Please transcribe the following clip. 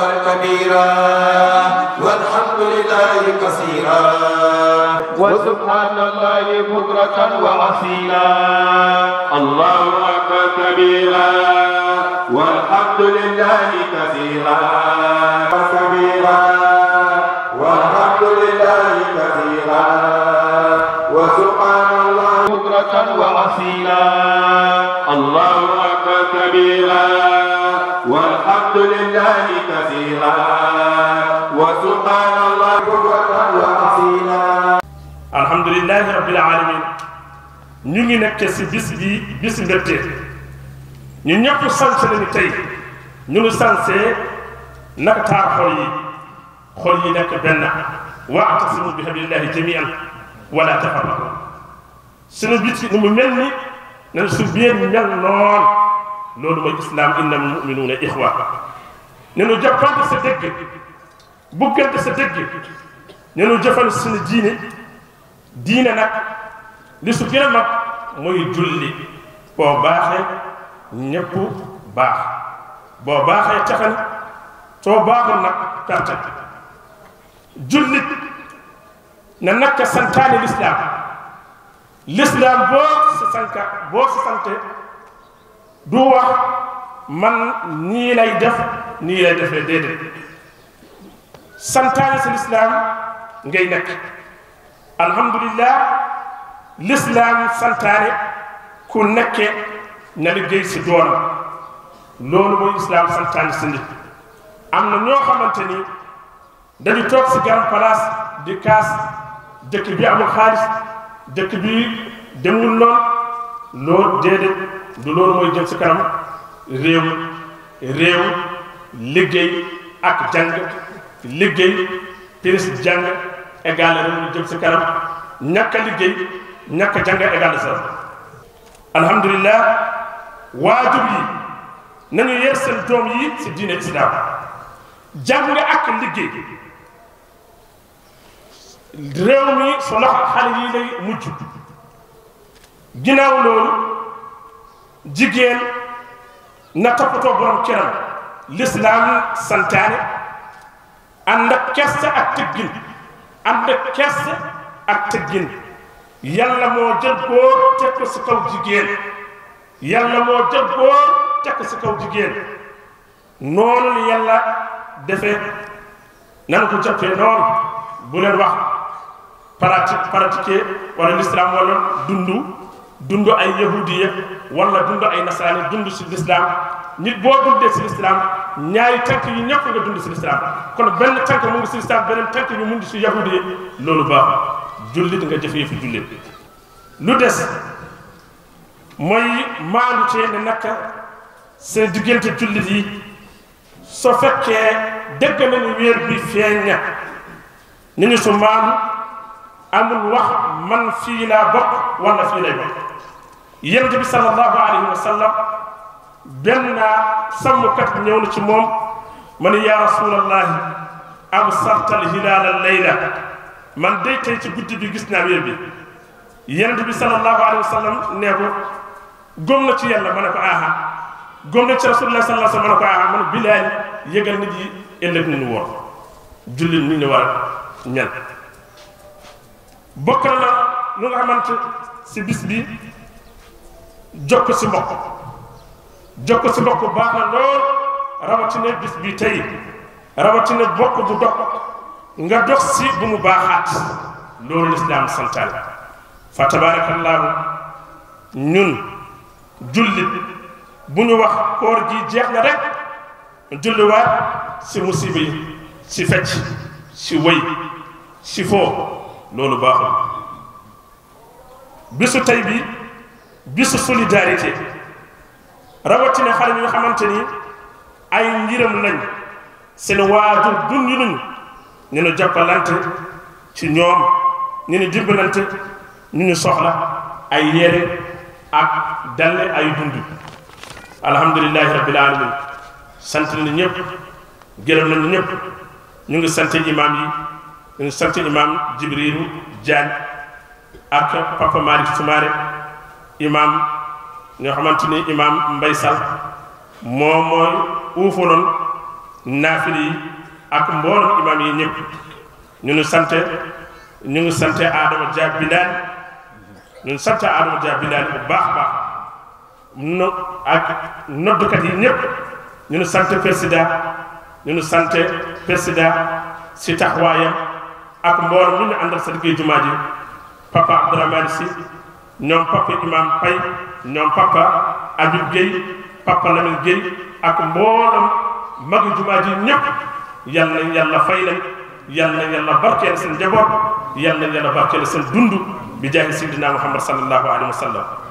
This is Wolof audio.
أكبر كبيرا والحمد لله كثيرا وسبحان الله بكرة وأصيلا الله أكبر كبيرا والحمد لله كثيرا كبيرا والحمد لله كثيرا وسبحان الله بكرة وأصيلا الله أكبر كبيرا والحمد لله كان الله جل وعلا الحمد لله رب العالمين نيغي نك سي بيس bis بيس bis ني ñu سانس لي تاي ني نو سانس نك nag خول xol خول xol نك بن benn واعتصموا بحبل الله جميعا ولا تفرقوا سنو بيتي نمو ملني نان سو بير مل نون لولو ما الاسلام انما المؤمنون اخوه نانو جابانت سي دك buggante sa dëgg ñenu jëfal suñu diine diine nag li su gën a mag mooy julli boo baaxee ñëpp baax boo baaxee texan too baaxul nag perte jullit na naka santaane lislaam lislaam boo si sanka boo si sante du wax man nii lay def nii lay defee déedéet santane si lislaam ngay nek alhamdullilah l'islam santane ku nekke na liggéey si doon loolu mooy islam santane si nit am na ñoo xamante ni dañu toog si garam palaas di kaas dëkk bi amul xaalis dëkk bi demul noon loolu déedéet du loolu mooy jël si kanam réew réew liggéey ak jàng liggéey tiris jàng égal la ñu jëm si kanam ñàkk a liggéey ñàkk a jàng égal sa alhamdulilah waajur yi nañu yee seen doom yi si diine islaam jàng ak liggéey réew mi su loxo xale yi lay mujj ginnaaw loolu jigéen na toppatoo borom këram lislaam santaane ànd ak kersa ak tëggin ànd ak kersa ak tëggin yàlla moo jël góor teg si kaw jigéen yàlla moo jël góor teg ko si kaw jigéen noonu yàlla defee nan ko jàppee noonu bu leen wax pratique pratiquer wala l'islam wala dundu dundu ay yahudiya wala dundu ay nasaani dund si l'islam nit boo dundee si l'islam ñaari tànk yu ñàkk nga dund si lislaam kon benn tànk mu ngi si lislaam beneen tànk bi mu ngi si yahudi loolu baaxul jullit nga jëfee fi jullit lu des mooy maandu cee ne naka seen diggante jullit yi soo fekkee dégg nañu weer bi feeñ na ni ñu su maandu amul wax man fii laa bokk wala fii lay bokk yonent bi sallallahu alayhi wa sallam benn naa sàmmkat bi na ci moom man ni yaa rasulallahi am sartal hilaala layla man day tey ci guddi bi gis naa weer bi yonent bi sallallahu alayhi wa sallam nee ko góom na ci yàlla ma ne ko aha góom na ci rasulullah sallallahu alayhi wa sallam ma ne ko man bilaay yëgal nit yi ëllëg ni ñu woor jullit ni ñu war a ñan bokk na lu si bis bi jokk si mbokk jokk si mbokk baax na lool rawatina bis bi tey rawatina bokk bu dox nga dox si bu mu baaxaat loolu lislaam santaane fa tabaarakallaahu ñun jullit bu ñu wax koor ji jeex na rek julliwaat si musiba yi si fecc si wëy si foo loolu baaxul bisu tey bi bisu solidarité rawatina xale yi nga xamante ni ay ngiram lañ seen waajur dund nañu ñu ne jàppalante ci ñoom ñu ne dimbalante ñu ñu soxla ay yére ak dalle ay dund alhamdulilahi rabbil alamin sant nañu ñëpp gërëm nañu ñëpp ñu ngi sant imaam yi ñu ngi sant imaam Jibrilu Diagne ak Papa Malick Soumaré imaam nga xamante ni imaam Mbay Sall moom mooy uufaloon naafil yi ak mboolem imaam yi ñëpp ñu ngi sant ñu ngi sant Adama Dia Bilal ñu ngi sant Adama Dia Bilal bu baax baax no ak yi ñëpp ñu ngi sant président ñu nu sant président si taxawaayam ak mboolem ñu ngi àndal sa liggéey jumaa papa Abdourahmane si. ñoom papa imam pay ñoom papa Habib Gueye papa Lamine Gueye ak mboolam magi jumaa ji ñëpp yal nañ yàlla fay leen yal nañ yàlla barkeel seen njaboot yal nañ yàlla barkeel seen dund bi jaahi sayyidina Muhammad sallallahu alayhi wa sallam